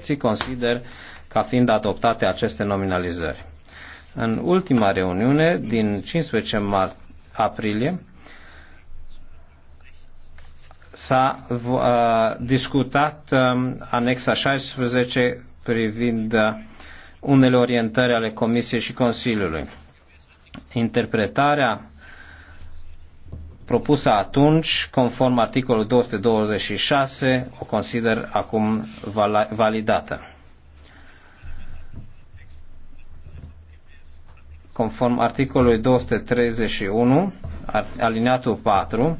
Ții consider ca fiind adoptate aceste nominalizări. În ultima reuniune din 15 mar- aprilie s-a uh, discutat uh, anexa 16 privind uh, unele orientări ale Comisiei și Consiliului. Interpretarea propusă atunci, conform articolul 226, o consider acum validată. Conform articolului 231, alineatul 4,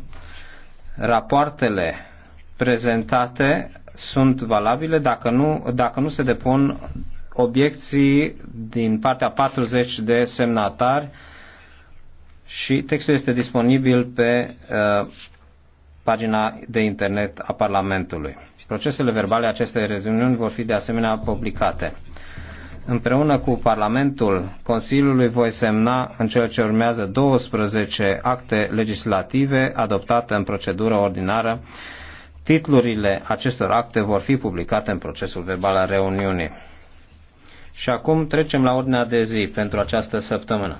rapoartele prezentate sunt valabile dacă nu, dacă nu se depun obiecții din partea 40 de semnatari și textul este disponibil pe uh, pagina de internet a Parlamentului. Procesele verbale acestei reuniuni vor fi de asemenea publicate. Împreună cu Parlamentul Consiliului voi semna în ceea ce urmează 12 acte legislative adoptate în procedură ordinară. Titlurile acestor acte vor fi publicate în procesul verbal al reuniunii. Și acum trecem la ordinea de zi pentru această săptămână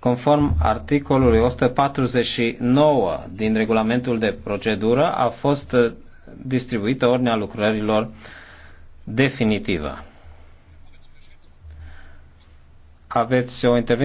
conform articolului 149 din regulamentul de procedură, a fost uh, distribuită ordinea lucrărilor definitivă. Aveți o intervenție?